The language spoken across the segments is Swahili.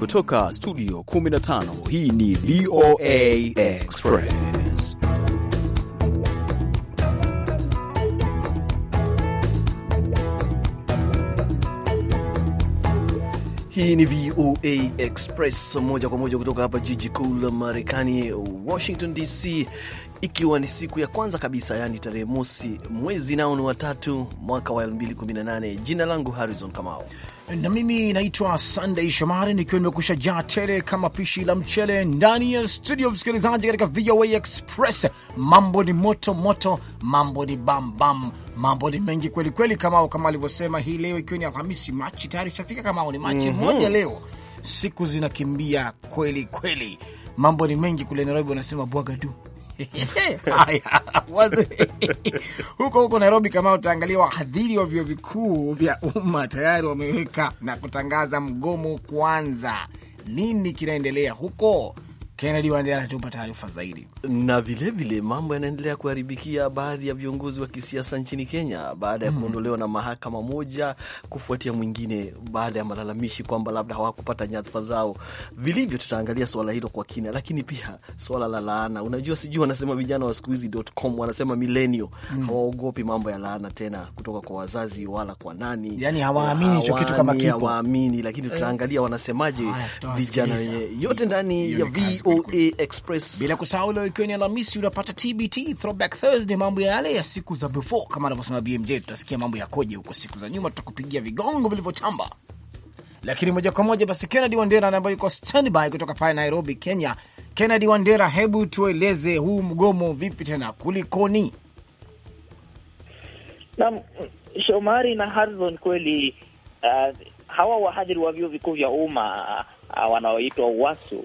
kutoka studio 15 hii ni VOA Express. Hii ni VOA Express moja kwa moja kutoka hapa jiji kuu la Marekani, Washington DC, ikiwa ni siku ya kwanza kabisa, yani tarehe mosi mwezi nao ni watatu mwaka wa 2018. Jina langu Harrison Kamau na mimi naitwa Sunday Shomari nikiwa nimekusha jaa tele kama pishi la mchele ndani ya studio, msikilizaji, katika VOA Express. Mambo ni moto moto, mambo ni bambam, mambo ni mengi kweli kweli, Kamau kama alivyosema. Hii leo ikiwa ni Alhamisi Machi, tayari ishafika Kamau, ni Machi mm -hmm. moja leo siku zinakimbia kweli kweli, mambo ni mengi kule Nairobi, wanasema bwagadu huko huko Nairobi, kama utaangalia, wahadhiri wa vyuo vikuu vya umma tayari wameweka na kutangaza mgomo kwanza Nini kinaendelea huko? Kennedy Wandera anatupa taarifa zaidi. Na vilevile mambo yanaendelea kuharibikia baadhi ya viongozi wa kisiasa nchini Kenya baada ya mm, kuondolewa na mahakama moja kufuatia mwingine, baada ya malalamishi kwamba labda hawakupata nyadhifa zao vilivyo. Tutaangalia swala hilo kwa kina, lakini pia swala la laana. Unajua, sijui wanasema vijana wa siku hizi.com wanasema millennial mm, hawaogopi mambo ya laana tena kutoka kwa wazazi wala kwa nani, yani hawaamini hicho kitu kama kipo, hawaamini. Lakini eh. tutaangalia wanasemaje vijana wenyewe, yote ndani ya VOA Express. Bila kusahau leo ikiwa ni Alhamisi, unapata TBT Throwback Thursday, mambo yale ya siku za before, kama anavyosema BMJ. Tutasikia mambo yakoje huko siku za nyuma, tutakupigia vigongo vilivyotamba. Lakini moja kwa moja basi, Kennedy Wandera ambaye yuko standby kutoka pale Nairobi, Kenya. Kennedy Wandera, hebu tueleze huu mgomo vipi tena, kulikoni? Naam, Shomari na Harrison, kweli uh, hawa wahadhiri wa vyuo vikuu vya umma uh, wanaoitwa UWASU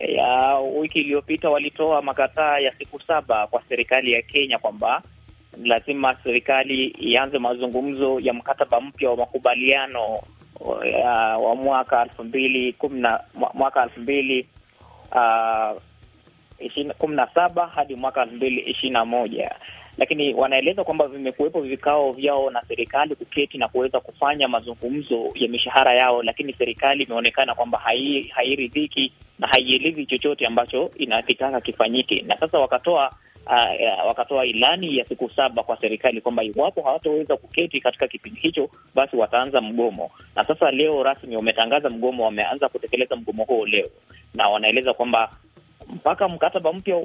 ya wiki iliyopita walitoa makataa ya siku saba kwa serikali ya Kenya kwamba lazima serikali ianze mazungumzo ya mkataba mpya wa makubaliano ya, wa mwaka elfu mbili kumi na mwaka elfu mbili uh, kumi na saba hadi mwaka elfu mbili ishirini na moja lakini wanaeleza kwamba vimekuwepo vikao vyao na serikali kuketi na kuweza kufanya mazungumzo ya mishahara yao, lakini serikali imeonekana kwamba hairidhiki hai na haielezi chochote ambacho inakitaka kifanyike, na sasa wakatoa uh, uh, wakatoa ilani ya siku saba kwa serikali kwamba iwapo hawataweza kuketi katika kipindi hicho, basi wataanza mgomo. Na sasa leo rasmi wametangaza mgomo, wameanza kutekeleza mgomo huo leo, na wanaeleza kwamba mpaka mkataba mpya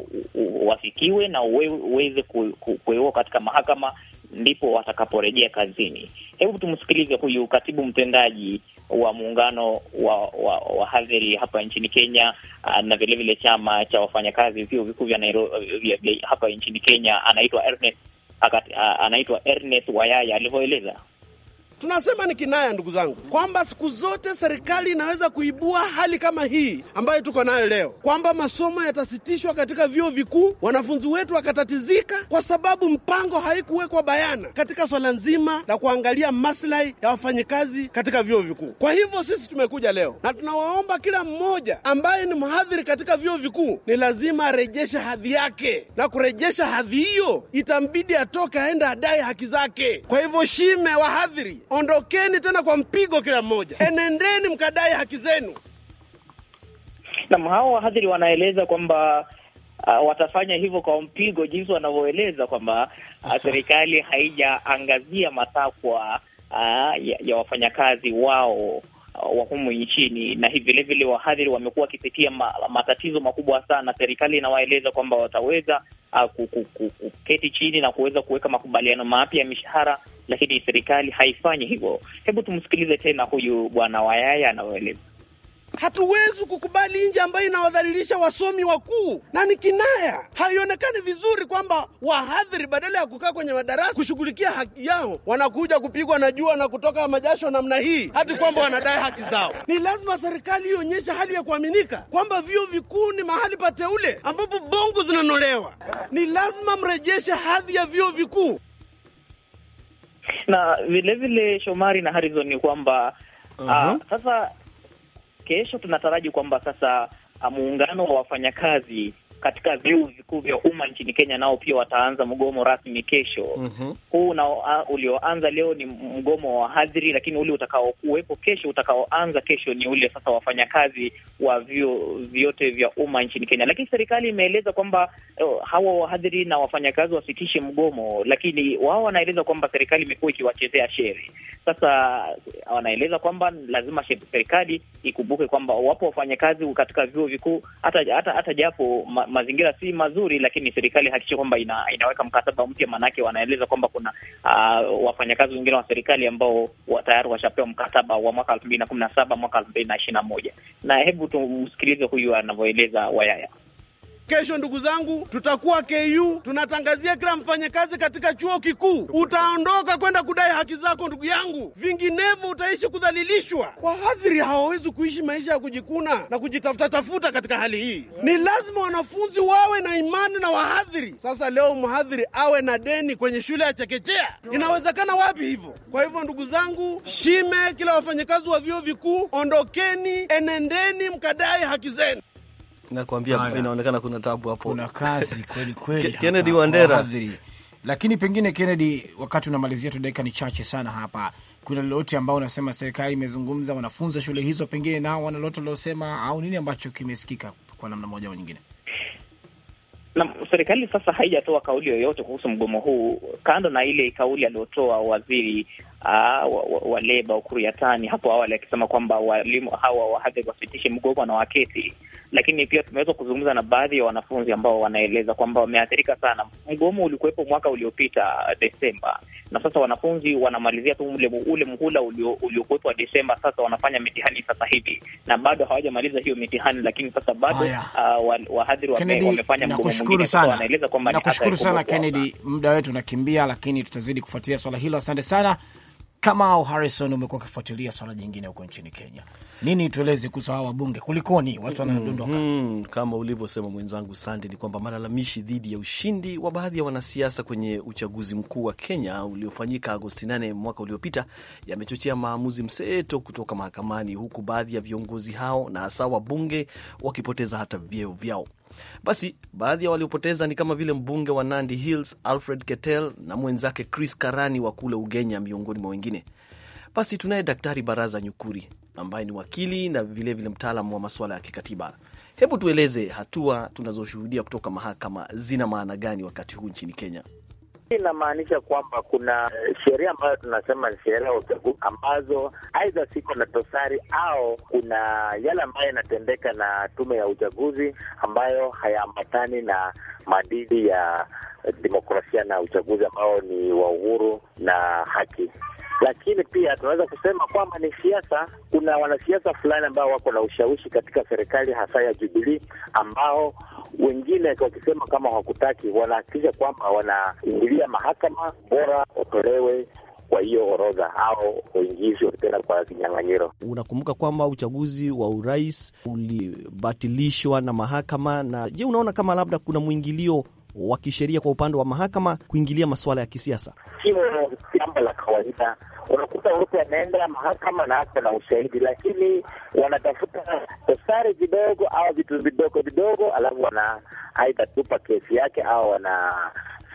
wafikiwe na uweze kuwekwa katika mahakama, ndipo watakaporejea kazini. Hebu tumsikilize huyu katibu mtendaji wa muungano wa wa, wa hadhiri hapa nchini Kenya na vilevile chama cha wafanyakazi vyuo vikuu vya hapa nchini Kenya, anaitwa Ernest, anaitwa Ernest Wayaya alivyoeleza. Tunasema ni kinaya, ndugu zangu, kwamba siku zote serikali inaweza kuibua hali kama hii ambayo tuko nayo leo, kwamba masomo yatasitishwa katika vyuo vikuu, wanafunzi wetu wakatatizika kwa sababu mpango haikuwekwa bayana katika swala nzima la kuangalia maslahi ya wafanyikazi katika vyuo vikuu. Kwa hivyo sisi tumekuja leo na tunawaomba kila mmoja ambaye ni mhadhiri katika vyuo vikuu, ni lazima arejeshe hadhi yake, na kurejesha hadhi hiyo itambidi atoke aende adai haki zake. Kwa hivyo, shime wahadhiri ondokeni tena kwa mpigo kila mmoja, enendeni mkadai haki zenu. Nam, hao wahadhiri wanaeleza kwamba uh, watafanya hivyo kwa mpigo, jinsi wanavyoeleza kwamba uh, serikali haijaangazia matakwa uh, ya, ya wafanyakazi wao uh, wa humu nchini na hivi vilevile wahadhiri wamekuwa wakipitia ma, matatizo makubwa sana. Serikali inawaeleza kwamba wataweza uh, kuketi chini na kuweza kuweka makubaliano mapya ya mishahara lakini serikali haifanyi hivyo. Hebu tumsikilize tena huyu bwana Wayaya anaoeleza. Hatuwezi kukubali nje ambayo inawadhalilisha wasomi wakuu na ni kinaya. Haionekani vizuri kwamba wahadhiri badala ya kukaa kwenye madarasa kushughulikia haki yao wanakuja kupigwa na jua na kutoka majasho namna hii, hadi kwamba wanadai haki zao. Ni lazima serikali ionyeshe hali ya kuaminika kwamba vyuo vikuu ni mahali pateule ambapo bongo zinanolewa. Ni lazima mrejeshe hadhi ya vyuo vikuu na vilevile Shomari na Harrison ni kwamba ah, uh -huh. Sasa kesho tunataraji kwamba sasa ah, muungano wa wafanyakazi katika vyuo vikuu vya umma nchini Kenya nao pia wataanza mgomo rasmi kesho. mm -hmm. Huu ulioanza leo ni mgomo wa hadhiri, lakini ule utakaokuwepo kesho, utakaoanza kesho ni ule sasa wafanyakazi wa vyuo vyote vya umma nchini Kenya. Lakini serikali imeeleza kwamba uh, hawa wahadhiri na wafanyakazi wasitishe mgomo, lakini wao wanaeleza kwamba serikali imekuwa ikiwachezea sheri. Sasa eh, wanaeleza kwamba lazima serikali ikumbuke kwamba wapo wafanyakazi katika vyuo vikuu hata hata japo ma, mazingira si mazuri, lakini serikali hakikishi kwamba ina, inaweka mkataba mpya, maanake wanaeleza kwamba kuna uh, wafanyakazi wengine wa serikali ambao tayari washapewa mkataba wa mwaka elfu mbili na kumi na saba mwaka elfu mbili na ishirini na moja na hebu tumsikilize huyu anavyoeleza Wayaya. Kesho ndugu zangu, tutakuwa KU tunatangazia kila mfanyakazi katika chuo kikuu, utaondoka kwenda kudai haki zako ndugu yangu, vinginevyo utaishi kudhalilishwa. Wahadhiri hawawezi kuishi maisha ya kujikuna na kujitafuta tafuta. Katika hali hii, ni lazima wanafunzi wawe na imani na wahadhiri. Sasa leo mhadhiri awe na deni kwenye shule ya chekechea, inawezekana wapi hivyo? Kwa hivyo ndugu zangu, shime kila wafanyakazi wa vyuo vikuu, ondokeni, enendeni mkadai haki zenu nakwambia inaonekana kuna tabu hapo, kuna kazi kweli kweli. Kennedy Wandera, lakini pengine Kennedy, wakati unamalizia tu, dakika ni chache sana hapa, kuna lolote ambao unasema serikali imezungumza, wanafunza shule hizo, pengine nao wana lolote waliosema au nini ambacho kimesikika kwa namna moja au nyingine? Na serikali sasa haijatoa kauli yoyote kuhusu mgomo huu, kando na ile kauli aliyotoa waziri uh, wa, wa, wa leba Ukur Yatani hapo awali akisema kwamba walimu hawa wahadhiri wasitishe mgomo na waketi lakini pia tumeweza kuzungumza na baadhi ya wanafunzi ambao wanaeleza kwamba wameathirika sana. Mgomo ulikuwepo mwaka uliopita uh, Desemba, na sasa wanafunzi wanamalizia tu ule, ule mhula uliokuwepo wa Desemba. Sasa wanafanya mitihani sasa hivi na bado hawajamaliza hiyo mitihani, lakini sasa bado uh, wahadhiri wame, wamefanya mgomo mwingine. wanaeleza kwamba nakushukuru sana Kennedy, muda wetu unakimbia, lakini tutazidi kufuatilia swala hilo. Asante sana. Kamau Harrison, umekuwa ukifuatilia swala jingine huko nchini Kenya, nini tueleze kuhusu hawa wabunge, kulikoni watu wanadondoka? mm -hmm. Kama ulivyosema mwenzangu Sande, ni kwamba malalamishi dhidi ya ushindi wa baadhi ya wanasiasa kwenye uchaguzi mkuu wa Kenya uliofanyika Agosti 8 mwaka uliopita yamechochea maamuzi mseto kutoka mahakamani, huku baadhi ya viongozi hao na hasa wabunge wakipoteza hata vyeo vyao. Basi baadhi ya waliopoteza ni kama vile mbunge wa Nandi Hills Alfred Ketel na mwenzake Chris Karani wa kule Ugenya, miongoni mwa wengine. Basi tunaye Daktari Baraza Nyukuri ambaye ni wakili na vilevile mtaalam wa masuala ya kikatiba. Hebu tueleze hatua tunazoshuhudia kutoka mahakama zina maana gani wakati huu nchini Kenya? Inamaanisha kwamba kuna eh, sheria ambayo tunasema ni sheria ya uchaguzi ambazo aidha siko na dosari au kuna yale ambayo yanatendeka na tume ya uchaguzi ambayo hayaambatani na maadili ya demokrasia na uchaguzi ambao ni wa uhuru na haki lakini pia tunaweza kusema kwamba ni siasa. Kuna wanasiasa fulani ambao wako na ushawishi katika serikali hasa ya Jubilii, ambao wengine wakisema kama hawakutaki, wanahakikisha kwamba wanaingilia mahakama, bora watolewe kwa hiyo orodha au waingizwe tena kwa kinyang'anyiro. Unakumbuka kwamba uchaguzi wa urais ulibatilishwa na mahakama. Na je, unaona kama labda kuna mwingilio wa kisheria kwa upande wa mahakama kuingilia masuala ya kisiasa? Sio jambo la kawaida. Unakuta mtu anaenda mahakama na ako na ushahidi, lakini wanatafuta dosari vidogo au vitu vidogo vidogo, alafu wana aidha tupa kesi yake au wana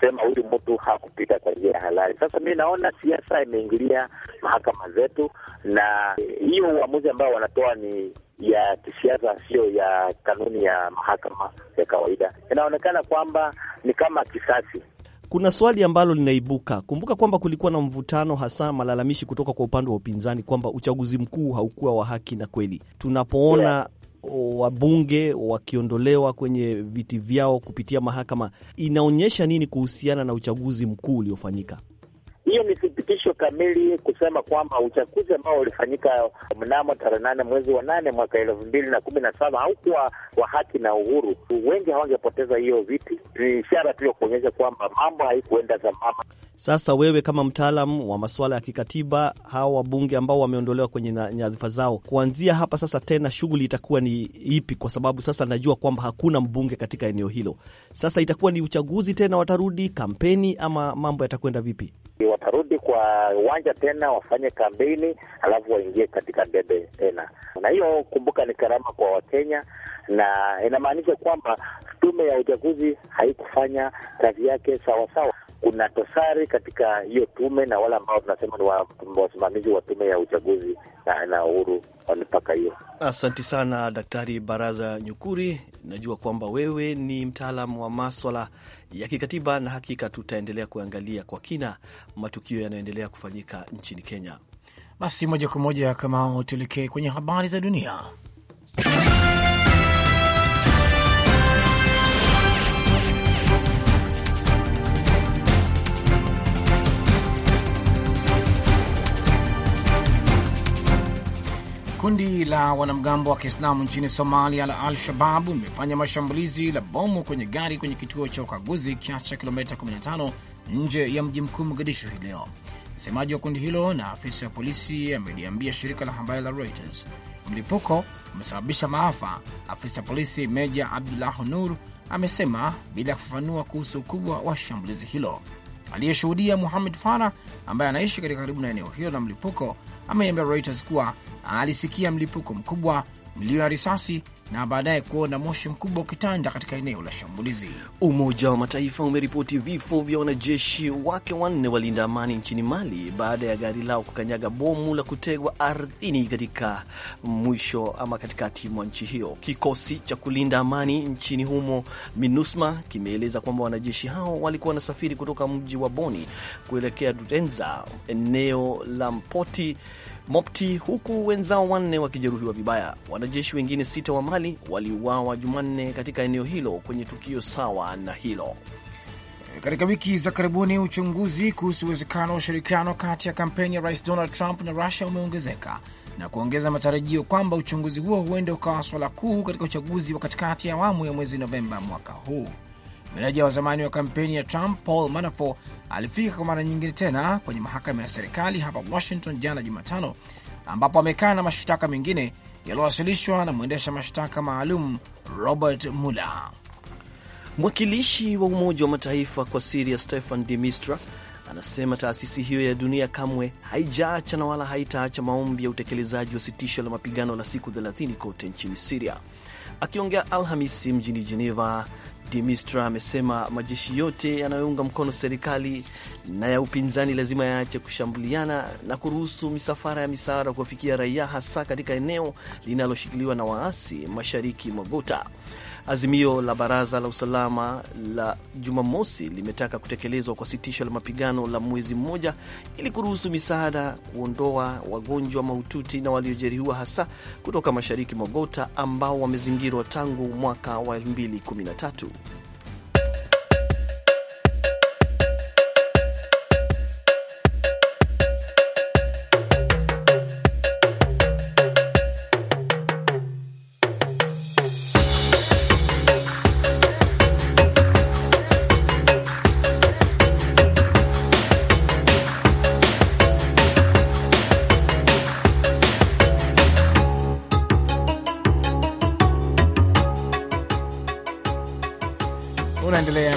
sema huyu mtu hakupita kwa njia ya halali. Sasa mi naona siasa imeingilia mahakama zetu, na hiyo uamuzi ambao wanatoa ni ya kisiasa, sio ya kanuni ya mahakama ya kawaida. Inaonekana kwamba ni kama kisasi. Kuna swali ambalo linaibuka. Kumbuka kwamba kulikuwa na mvutano, hasa malalamishi kutoka kwa upande wa upinzani kwamba uchaguzi mkuu haukuwa wa haki na kweli. Tunapoona yeah wabunge wakiondolewa kwenye viti vyao kupitia mahakama, inaonyesha nini kuhusiana na uchaguzi mkuu uliofanyika? Hiyo ni dhibitisho kamili kusema kwamba uchaguzi ambao ulifanyika mnamo tarehe nane mwezi wa nane mwaka elfu mbili na kumi na saba haukuwa wa haki na uhuru, wengi hawangepoteza hiyo viti. Ni ishara tu ya kuonyesha kwamba mambo haikuenda sambamba. Sasa wewe kama mtaalam wa masuala ya kikatiba, hawa wabunge ambao wameondolewa kwenye nyadhifa zao, kuanzia hapa sasa tena shughuli itakuwa ni ipi? Kwa sababu sasa najua kwamba hakuna mbunge katika eneo hilo. Sasa itakuwa ni uchaguzi tena, watarudi kampeni ama mambo yatakwenda vipi? Watarudi kwa uwanja tena wafanye kampeni, alafu waingie katika debe tena. Na hiyo kumbuka, ni karama kwa Wakenya na inamaanisha kwamba tume ya uchaguzi haikufanya kazi yake sawasawa. Kuna tosari katika hiyo tume na wale ambao tunasema ni wasimamizi wa tume ya uchaguzi na, na uhuru wa mipaka hiyo. Asanti sana Daktari Baraza Nyukuri, najua kwamba wewe ni mtaalamu wa maswala ya kikatiba, na hakika tutaendelea kuangalia kwa kina matukio yanayoendelea kufanyika nchini Kenya. Basi moja kwa moja kama tuelekee kwenye habari za dunia. la wanamgambo wa Kiislamu nchini Somalia la Al-Shabab limefanya mashambulizi la bomu kwenye gari kwenye kituo cha ukaguzi kiasi cha kilomita 15 nje ya mji mkuu Mogadishu hii leo. Msemaji wa kundi hilo na afisa ya polisi ameliambia shirika la habari la Reuters mlipuko umesababisha maafa. Afisa polisi Meja Abdullah Nur amesema bila kufafanua kuhusu ukubwa wa shambulizi hilo. Aliyeshuhudia Muhamed Farah ambaye anaishi katika karibu na eneo hilo la mlipuko ameiambia Reuters kuwa alisikia mlipuko mkubwa, mlio ya risasi na baadaye kuona moshi mkubwa ukitanda katika eneo la shambulizi. Umoja wa Mataifa umeripoti vifo vya wanajeshi wake wanne walinda amani nchini Mali baada ya gari lao kukanyaga bomu la kutegwa ardhini katika mwisho ama katikati mwa nchi hiyo. Kikosi cha kulinda amani nchini humo MINUSMA kimeeleza kwamba wanajeshi hao walikuwa wanasafiri kutoka mji wa Boni kuelekea Durenza, eneo la Mpoti Mopti, huku wenzao wanne wakijeruhiwa vibaya. Wanajeshi wengine sita wa Mali waliuawa Jumanne katika eneo hilo kwenye tukio sawa na hilo. Katika wiki za karibuni uchunguzi kuhusu uwezekano wa ushirikiano kati ya kampeni ya rais Donald Trump na Rusia umeongezeka na kuongeza matarajio kwamba uchunguzi huo huenda ukawa swala kuu katika uchaguzi wa katikati ya awamu ya mwezi Novemba mwaka huu. Meneja wa zamani wa kampeni ya Trump Paul Manafort alifika kwa mara nyingine tena kwenye mahakama ya serikali hapa Washington jana Jumatano, ambapo amekaa na mashtaka mengine yaliyowasilishwa na mwendesha mashtaka maalum Robert Mueller. Mwakilishi wa Umoja wa Mataifa kwa Siria Stefan de mistra anasema taasisi hiyo ya dunia kamwe haijaacha na wala haitaacha maombi ya utekelezaji wa sitisho la mapigano la siku 30 kote nchini Siria. Akiongea Alhamisi mjini Geneva, Dimistra amesema majeshi yote yanayounga mkono serikali na ya upinzani lazima yaache kushambuliana na kuruhusu misafara ya misaada kuwafikia raia, hasa katika eneo linaloshikiliwa na waasi mashariki mwa Ghouta. Azimio la Baraza la Usalama la Jumamosi limetaka kutekelezwa kwa sitisho la mapigano la mwezi mmoja ili kuruhusu misaada kuondoa wagonjwa mahututi na waliojeruhiwa hasa kutoka mashariki mwa Gota ambao wamezingirwa tangu mwaka wa 2013.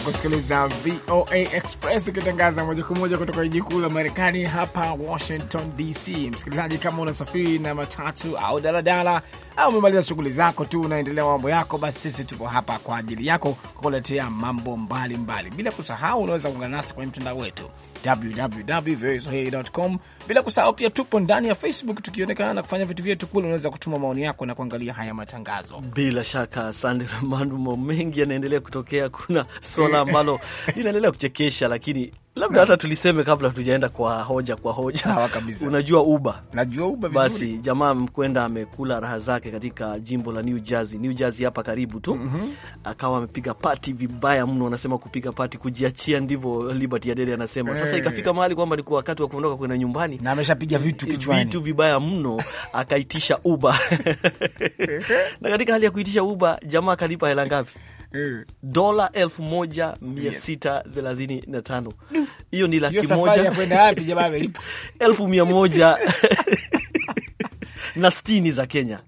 kusikiliza VOA Express ikitangaza moja kwa moja kutoka jiji kuu la Marekani hapa Washington DC. Msikilizaji, kama unasafiri na matatu au daladala au umemaliza shughuli zako tu unaendelea mambo yako, basi sisi tupo hapa kwa ajili yako kukuletea mambo mbalimbali mbali. Bila kusahau unaweza kuungana nasi kwenye mtandao wetu www.voaswahili.com. Bila kusahau pia tupo ndani ya Facebook tukionekana na kufanya vitu vyetu kule. Unaweza kutuma maoni yako na kuangalia haya matangazo. Bila shaka, asante. Mambo mengi yanaendelea kutokea, kuna swala swala ambalo linaendelea kuchekesha, lakini labda hata tuliseme kabla tujaenda kwa hoja kwa hoja. Sawa kabisa. Unajua Uber, najua Uber vizuri. Basi jamaa mkwenda amekula raha zake katika jimbo la New Jersey, New Jersey hapa karibu tu mm -hmm. Akawa amepiga pati vibaya mno, anasema kupiga pati kujiachia, ndivyo Liberty Adede anasema hey. Sasa eh. ikafika mahali kwamba ni wakati wa kuondoka kwenda nyumbani na ameshapiga vitu eh, kichwani, vitu vibaya mno, akaitisha Uber na katika hali ya kuitisha Uber jamaa akalipa hela ngapi? Mm. dola elfu moja mia sita thelathini na tano mm. hiyo ni laki moja elfu mia moja na sitini za Kenya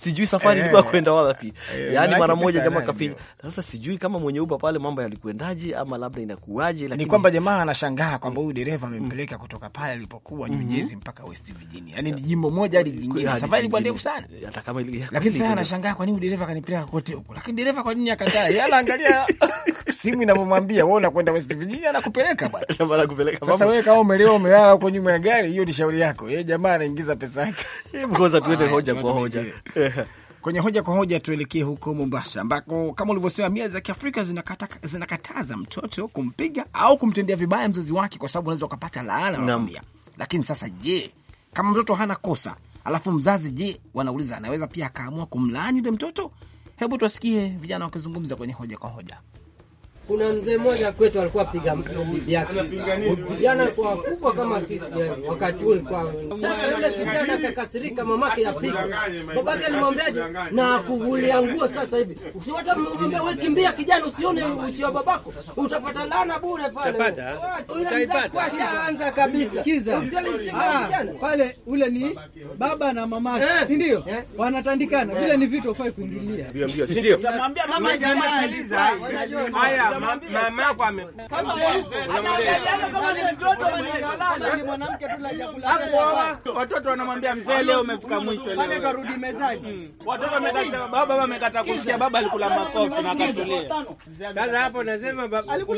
sijui safari eh. ilikuwa kwenda wapi, eh, yani mara moja jamaa kafinya. Sasa sijui kama mwenye uba pale mambo yalikwendaje ama labda inakuaje, lakini ni kwamba jamaa anashangaa kwamba mm. huyu dereva amempeleka mm. kutoka pale alipokuwa mm -hmm. Jersey mpaka West Virginia, yani ni jimbo moja hadi jingine. Safari ilikuwa ndefu sana, hata kama ilikuwa, lakini sasa anashangaa kwa nini dereva kanipeleka kote huko, lakini dereva kwa nini akataa? Yeye anaangalia simu inavyomwambia wewe unakwenda West Virginia, na kupeleka bwana. kupeleka Sasa wewe kama umelewa umelala huko nyuma ya gari, hiyo ni shauri yako. Yeye jamaa anaingiza pesa yake, hebu kwanza tuende hoja kwa hoja. Kwenye hoja kwa hoja, tuelekee huko Mombasa ambako kama ulivyosema mila za Kiafrika zinakata, zinakataza mtoto kumpiga au kumtendea vibaya mzazi wake, kwa sababu unaweza ukapata laana wakamia. Lakini sasa, je, kama mtoto hana kosa alafu mzazi, je, wanauliza anaweza pia akaamua kumlaani yule mtoto? Hebu tuwasikie vijana wakizungumza kwenye hoja kwa hoja kuna mzee mmoja kwetu alikuwa piga yake vijana kwa wakubwa kama sisi, eh, wakati ule kwa sasa. Yule kijana akakasirika, mamake yapiga, babake alimwambiaje na akuvulia nguo. Sasa hivi usiwata mwambia wewe, kimbia kijana, usione uchi wa babako, utapata lana bure pale. Anza kabisa, sikiza ah, pale, ule ni baba na mamake, eh. si ndio? Eh. Wanatandikana vile, ni vitu hufai kuingilia, ndio? Tamwambia mama, haya mama yako akuoa, watoto wanamwambia mzee, leo umefika mwisho. Watoto hmm. baba wamekata kusikia, baba alikula makofi na akatulia. Sasa hapo nasema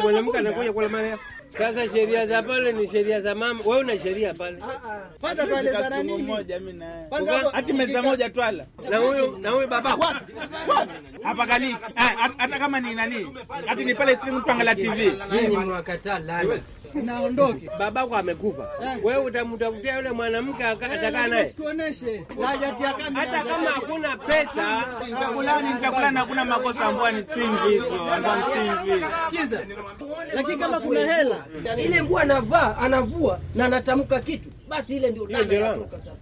mwanamke anakuja kula mara sasa sheria za pale ni sheria za mama. Wewe una sheria pale. Ah, ah. Kwanza tuelezana nini? Kwanza hati meza moja twala. Na huyu na huyu baba ah, Hapa galiki. Hata kama ni nani? Hati ni pale mtu angalia TV. Hii ni mwakata live naondoke. Babako amekufa, eh. wewe utamtafutia yule mwanamke eh, atakaa naye. Hata kama hakuna pesa, nitakula nitakula, hakuna makosa ambayo ni msingi hizo, ambayo msingi. Sikiza, lakini kama kuna hela ile mbwa anavaa anavua na anatamka kitu, basi ile ndio sasa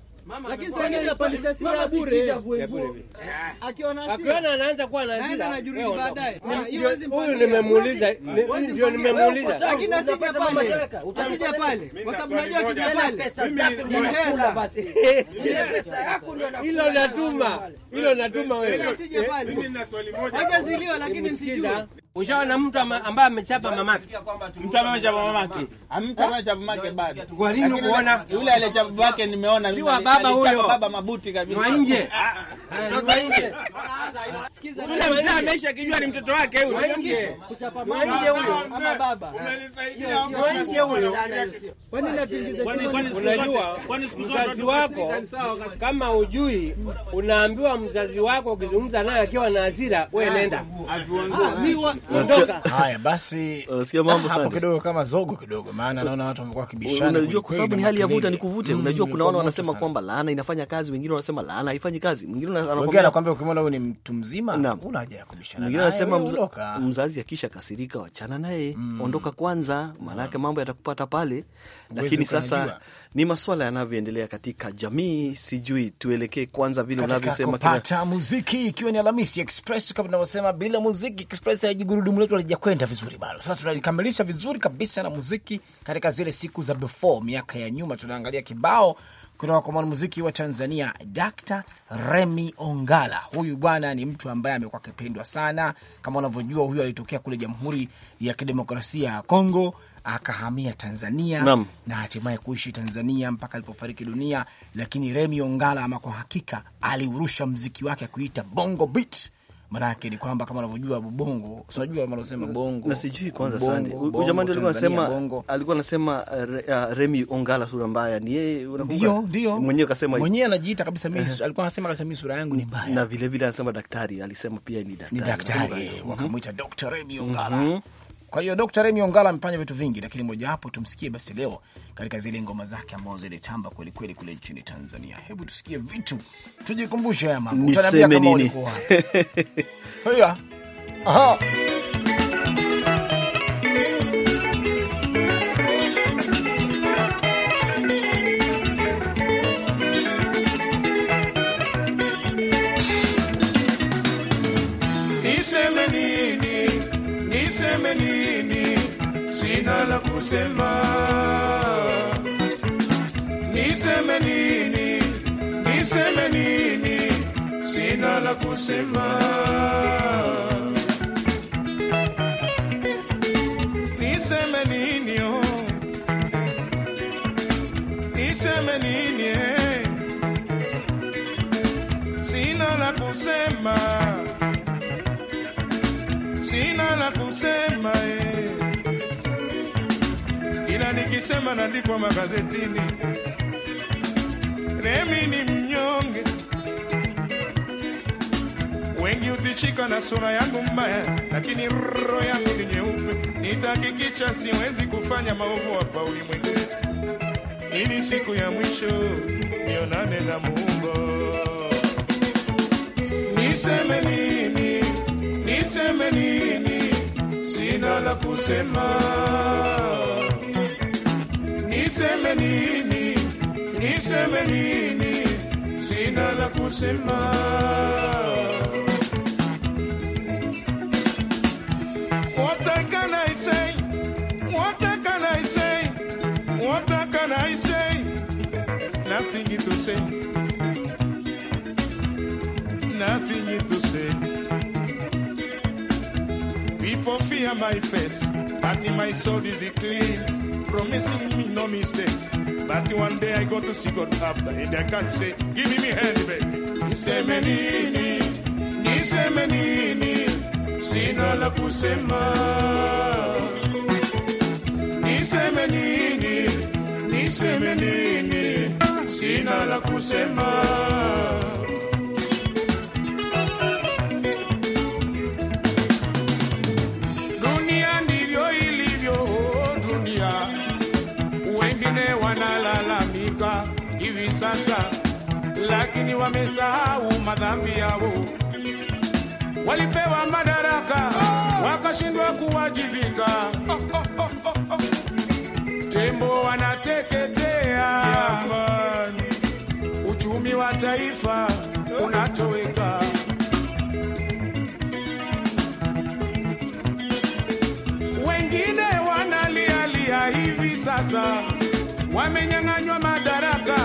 lakini sasa hivi apandisha sira ya bure, akiona akiona anaanza kuwa na anazila anajurudia baadaye. Hiyo Huyu nimemuuliza ndio nimemuuliza, lakini asije pale, asije pale, kwa sababu najua kija pale mimi ni hela basi, ile pesa yako hilo natuma, hilo natuma wewe, asije pale. Mimi nina swali moja, ziliwa lakini sijui Ushaona yaani mtu ambaye amechapa mamake, mtu ambaye amechapa mamake, mtu ambaye amechapa mamake bado. Kwa nini unaona yule aliyechapa babake? Nimeona si wa baba huyo, baba mabuti kabisa, nje mtoto nje. Sikiza, yule mzee ameisha kijua ni mtoto wake yule, nje kuchapa mama nje huyo, ama baba unanisaidia nje huyo. Kwa Kwani napingiza kwani, unajua kwani siku zote mzazi wako kama ujui, unaambiwa mzazi wako ukizungumza naye akiwa na hasira, wewe ah. nenda Haya basi, unasikia ah, mambo sana hapo kidogo, kama zogo kidogo, maana naona watu wamekuwa kibishana. Unajua, kwa sababu ni hali ya vuta nikuvute. Mm, Unajua, kuna wale wanasema kwamba laana inafanya kazi, wengine wanasema laana haifanyi kazi, mwingine anakuambia ukimwona huyu ni mtu mzima, una haja ya kubishana. Mwingine anasema mzazi akisha kasirika, wachana naye, mm. ondoka kwanza, maana yake mambo yatakupata pale. Lakini sasa ni maswala yanavyoendelea katika jamii, sijui tuelekee kwanza vile unavyosema, kupata muziki, ikiwa ni Alhamisi Express kama tunavyosema, bila muziki Express haiji gurudumu letu halijakwenda vizuri bado. Sasa tunalikamilisha vizuri kabisa na muziki katika zile siku za before, miaka ya nyuma. Tunaangalia kibao kutoka kwa mwanamuziki wa Tanzania Dr. Remy Ongala. Huyu bwana ni mtu ambaye amekuwa akipendwa sana, kama unavyojua, huyu alitokea kule Jamhuri ya Kidemokrasia ya Kongo akahamia Tanzania Nam. na hatimaye kuishi Tanzania mpaka alipofariki dunia. Lakini Remy Ongala, ama kwa hakika, aliurusha mziki wake kuita Bongo Beat Maanake ni kwamba kama unavyojua Bongo, unajua wanasema Bongo na sijui kwanza sana huyu jamaa alikuwa anasema, alikuwa anasema uh, Remi Ongala sura mbaya ni yeye, unakumbuka? Ndio, ndio mwenyewe kasema, mwenyewe anajiita kabisa mimi, uh eh. -huh. alikuwa anasema kabisa mimi sura yangu ni mbaya, na vile vile anasema daktari, alisema pia ni daktari, ni daktari, wakamwita Dr. Remi mhm. Ongala. mm -hmm. Kwa hiyo Dkt. Remi Ongala amefanya vitu vingi, lakini mojawapo tumsikie basi leo katika zile ngoma zake ambazo zilitamba kweli kweli kule nchini Tanzania. Hebu tusikie vitu, tujikumbushe haya Niseme nini? la kusema, niseme nini? Niseme nini? Sina la kusema. Niseme nini? Oh. Niseme nini? Eh? Sina la kusema. Sina la kusema. Eh nilisema naandikwa magazetini. Remi ni mnyonge, wengi utichika na sura yangu mbaya, lakini roho yangu ni nyeupe. Nitahakikisha siwezi kufanya maovu hapa ulimwenguni, ili siku ya mwisho nionane na Mungu. Niseme nini? Niseme nini? Sina la kusema. niseme nini, niseme nini, sina la kusema. What can I say? What can I say? What can I say? Nothing to say. Nothing to say. People fear my face, but in my soul is it clean promising me no mistakes. But one day I go to see God after, and I can't say, Give me me hand, babe. Nisemenini, nisemenini, sina la kusema. Nisemenini, nisemenini, sina la kusema. wengine wanalalamika hivi sasa, lakini wamesahau madhambi yao. Walipewa madaraka wakashindwa kuwajibika. Tembo wanateketea, uchumi wa taifa unatoweka. Wengine wanalialia hivi sasa wamenyang'anywa madaraka,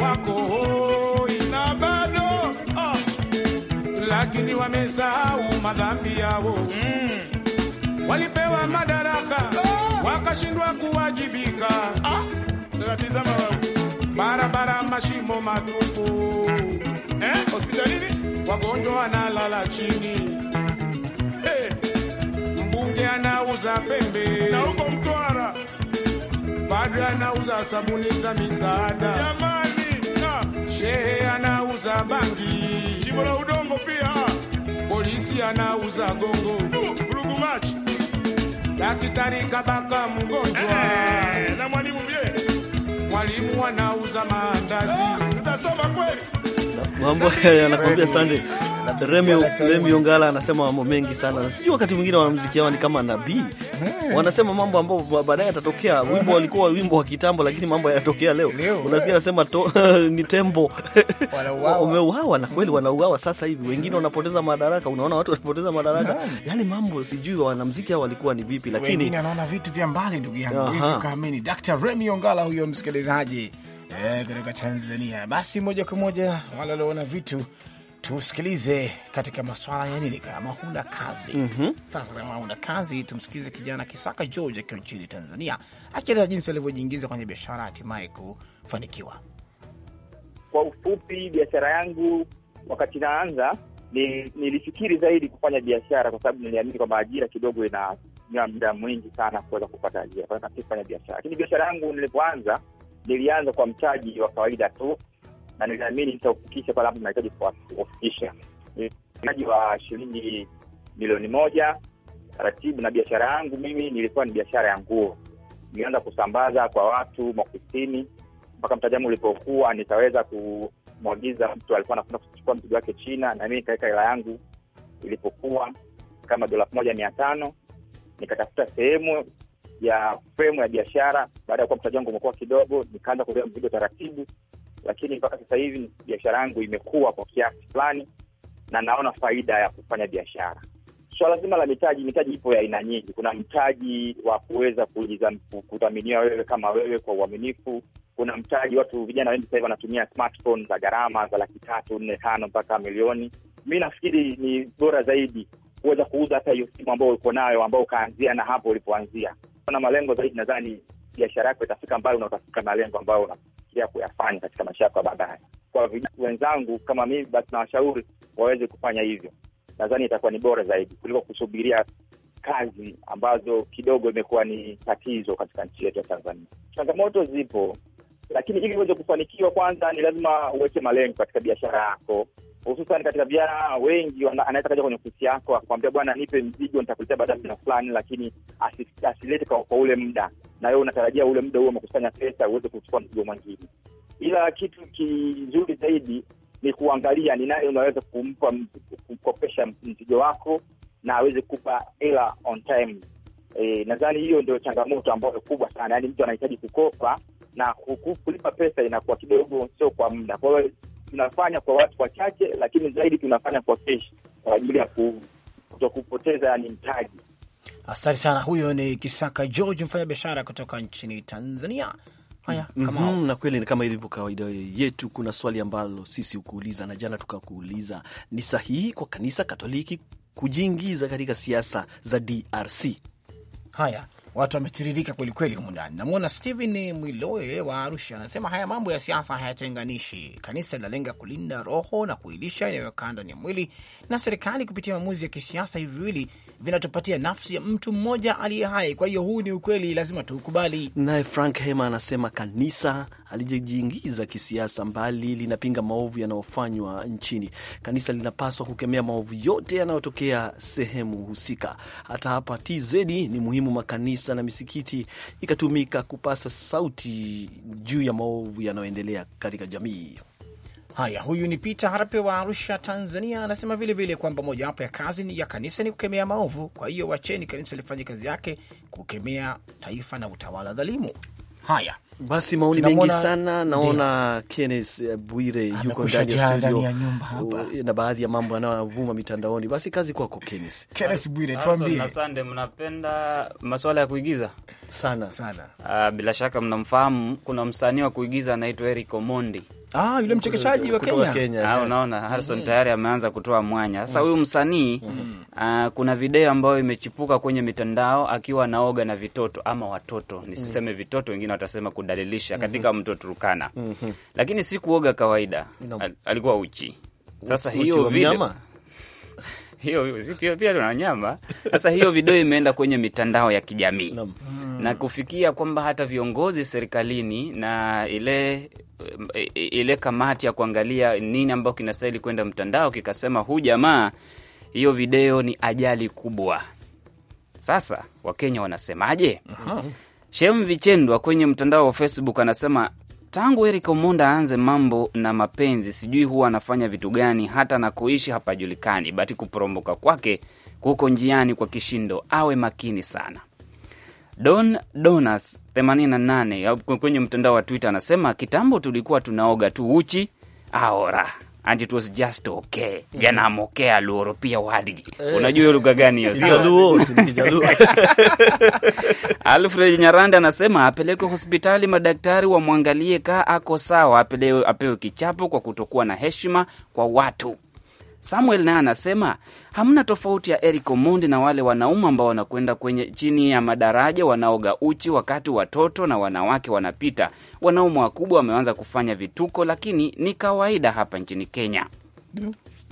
wako hoi na bado oh, lakini wamesahau madhambi yao mm. Walipewa madaraka oh, wakashindwa kuwajibika ah. Barabara mashimo matupu eh, hospitalini wagonjwa wanalala chini hey. Eh. Mbunge anauza pembe na huko Mtwara Padre anauza sabuni za misaada, jamani, na shehe anauza bangi, jimbo la udongo pia, polisi anauza gongo, vurugu machi, daktari kabaka mgonjwa, hey, eh, na mwalimu mie, mwalimu anauza maandazi, tutasoma ah, kweli mambo yanakwambia Sunday Remy Ongala anasema mambo mengi sana. Sijui wakati mwingine wanamuziki hawa ni kama nabii, hmm. wanasema mambo ambayo baadaye yatatokea. Wimbo walikuwa wimbo wa kitambo, lakini mambo yanatokea leo. Eh. Unasikia anasema ni tembo umeuawa, na kweli wanauawa sasa hivi, wengine wanapoteza madaraka. Unaona watu wanapoteza madaraka, yani mambo sijui wanamuziki hawa walikuwa ni vipi, lakini wengine anaona vitu vya mbali. Ndugu yangu, hizo kaamini Dr. Remy Ongala huyo msikilizaji eh, kutoka Tanzania. Basi moja kwa moja wale waliona vitu tusikilize katika maswala ya nini kama huna kazi. mm -hmm. Sasa kama huna kazi, tumsikilize kijana Kisaka George akiwa nchini Tanzania akieleza jinsi alivyojiingiza kwenye biashara hatimaye kufanikiwa. Kwa ufupi, biashara yangu wakati naanza ni, nilifikiri zaidi kufanya biashara kwa sababu niliamini kwamba ajira kidogo inatumia muda mwingi sana kuweza kupata ajira, kwa hiyo kufanya biashara. Lakini biashara yangu nilipoanza, nilianza kwa mtaji wa kawaida tu na ninaamini nitaufikisha pale ambapo nahitaji kuufikisha. Mtaji wa shilingi milioni moja taratibu. Na biashara yangu mimi nilikuwa ni biashara ya nguo, nilianza kusambaza kwa watu maofisini mpaka mtajamu ulipokuwa, nikaweza kumwagiza mtu alikuwa anakwenda kuchukua mzigo wake China, na mimi nikaweka hela yangu ilipokuwa kama dola elfu moja mia tano nikatafuta sehemu ya fremu ya biashara. Baada ya kuwa mtaji wangu umekuwa kidogo, nikaanza kubeba mzigo taratibu, lakini mpaka sasa hivi biashara yangu imekuwa kwa kiasi fulani na naona faida ya kufanya biashara. Swala so, zima la mitaji, mitaji ipo ya aina nyingi. Kuna mtaji wa kuweza kudhaminiwa wewe kama wewe kwa uaminifu. Kuna mtaji, watu vijana wengi sasa hivi wanatumia smartphone za gharama za laki tatu, nne, tano mpaka milioni. Mi nafikiri ni bora zaidi kuweza kuuza hata hiyo simu ambayo uko nayo, ambao ukaanzia na hapo ulipoanzia. na malengo zaidi, nadhani biashara yako itafika mbali na utafika malengo ambayo kuelekea kuyafanya katika maisha yako ya baadaye. Kwa wenzangu kama mimi, basi nawashauri waweze kufanya hivyo, nadhani itakuwa ni bora zaidi kuliko kusubiria kazi ambazo kidogo imekuwa ni tatizo katika nchi yetu ya Tanzania. Changamoto zipo, lakini ili uweze kufanikiwa, kwanza ni lazima uweke malengo katika biashara yako, hususan katika vijana wengi anaweza kaja kwenye ofisi yako akakwambia, bwana, nipe mzigo, nitakuletea baada ya muda fulani, lakini asilete kwa ule muda na wewe unatarajia ule muda huo umekusanya pesa uweze kuchukua mzigo mwingine. Ila kitu kizuri zaidi ni kuangalia ni nani unaweza kumpa kukopesha mzigo wako na aweze kupa hela on time. E, nadhani hiyo ndio changamoto ambayo kubwa sana, yaani mtu anahitaji kukopa na kulipa pesa inakuwa kidogo, sio kwa muda. Kwa hiyo tunafanya kwa watu wachache, lakini zaidi tunafanya kwa keshi kwa ajili ya kutokupoteza yani mtaji Asante sana. Huyo ni Kisaka George, mfanya biashara kutoka nchini Tanzania. Haya, kama mm -hmm, na kweli ni kama ilivyo kawaida yetu, kuna swali ambalo sisi hukuuliza na jana tukakuuliza, ni sahihi kwa kanisa Katoliki kujiingiza katika siasa za DRC? Haya, watu wametiririka kwelikweli humu ndani. Namwona Stephen Mwiloe wa Arusha anasema haya mambo ya siasa hayatenganishi. Kanisa linalenga kulinda roho na kuilisha inayokanda ndani ya mwili, na serikali kupitia maamuzi ya kisiasa hivi viwili vinatupatia nafsi ya mtu mmoja aliye hai. Kwa hiyo huu ni ukweli, lazima tuukubali. Naye Frank Hema anasema kanisa alijijiingiza kisiasa, mbali linapinga maovu yanayofanywa nchini. Kanisa linapaswa kukemea maovu yote yanayotokea sehemu husika. Hata hapa TZ ni muhimu makanisa na misikiti ikatumika kupasa sauti juu ya maovu yanayoendelea katika jamii. Haya, huyu ni Peter Harpe wa Arusha, Tanzania, anasema vile vile kwamba mojawapo ya kazi ya kanisa ni kukemea maovu. Kwa hiyo wacheni kanisa lifanye kazi yake kukemea taifa na utawala dhalimu. Haya basi, maoni mengi sana naona Kenneth Bwire yuko ndani ya studio na baadhi ya mambo anayovuma mitandaoni. Basi kazi kwako Kenneth. Kenneth Bwire, tuambie. Asante, mnapenda masuala ya kuigiza sana sana. Uh, bila shaka mnamfahamu kuna msanii wa kuigiza anaitwa Eric Omondi Ah, yule mchekeshaji wa Kenya, Kenya. Ah, unaona Harrison mm -hmm. tayari ameanza kutoa mwanya sasa huyu mm. msanii mm -hmm. uh, kuna video ambayo imechipuka kwenye mitandao akiwa anaoga na vitoto ama watoto mm. nisiseme mm -hmm. vitoto, wengine watasema kudalilisha mm-hmm. katika mto Turkana mm -hmm. lakini si kuoga kawaida no. alikuwa uchi sasa uchi hiyo video hiyo pia pia na nyama. Sasa hiyo video imeenda kwenye mitandao ya kijamii no. na kufikia kwamba hata viongozi serikalini na ile ile kamati ya kuangalia nini ambayo kinastahili kwenda mtandao kikasema, huu jamaa, hiyo video ni ajali kubwa. Sasa Wakenya wanasemaje? Shem Vichendwa kwenye mtandao wa Facebook anasema tangu Eric Omonda aanze mambo na mapenzi, sijui huwa anafanya vitu gani, hata kuishi hapajulikani, bati kuporomboka kwake kuko njiani kwa kishindo, awe makini sana. Don Donas 88 kwenye mtandao wa Twitter anasema kitambo tulikuwa tunaoga tu uchi aora and it was just okay ganamokea aluoropia wadi eh. Unajua lugha gani hiyo? Sio Alfred Nyaranda anasema apelekwe hospitali, madaktari wamwangalie kaa ako sawa, apewe kichapo kwa kutokuwa na heshima kwa watu. Samuel naye anasema hamna tofauti ya Eric Omondi na wale wanaume ambao wanakwenda kwenye chini ya madaraja wanaoga uchi wakati watoto na wanawake wanapita. Wanaume wakubwa wameanza kufanya vituko, lakini ni kawaida hapa nchini Kenya.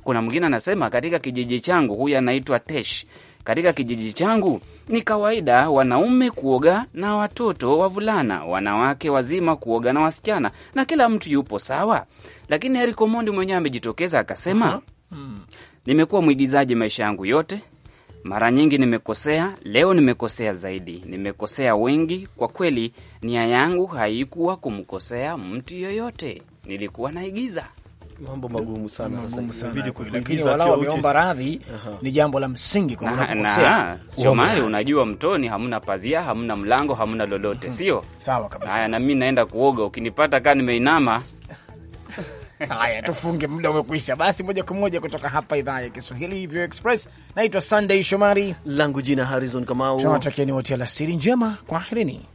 Kuna mwingine anasema katika kijiji changu, huyu anaitwa Tesh, katika kijiji changu ni kawaida wanaume kuoga na watoto wavulana, wanawake wazima kuoga na wasichana, na kila mtu yupo sawa. Lakini Eric Omondi mwenyewe amejitokeza akasema uh -huh. Nimekuwa mwigizaji maisha yangu yote, mara nyingi nimekosea, leo nimekosea zaidi, nimekosea wengi. Kwa kweli, nia yangu haikuwa kumkosea mtu yoyote, nilikuwa naigiza mambo magumu sana, magumu sana, lakini walau wameomba radhi. Ni jambo la msingi kwa Sio maana unajua, mtoni hamna pazia, hamna mlango, hamna lolote, mhm. sio sawa kabisa. Haya, na mimi naenda kuoga, ukinipata kaa nimeinama Haya, tufunge, muda umekwisha. Basi moja kwa moja kutoka hapa idhaa ya Kiswahili Vio Express. Naitwa Sunday Shomari, langu jina Harrison Kamau. Tunawatakieni wote alasiri njema, kwaherini.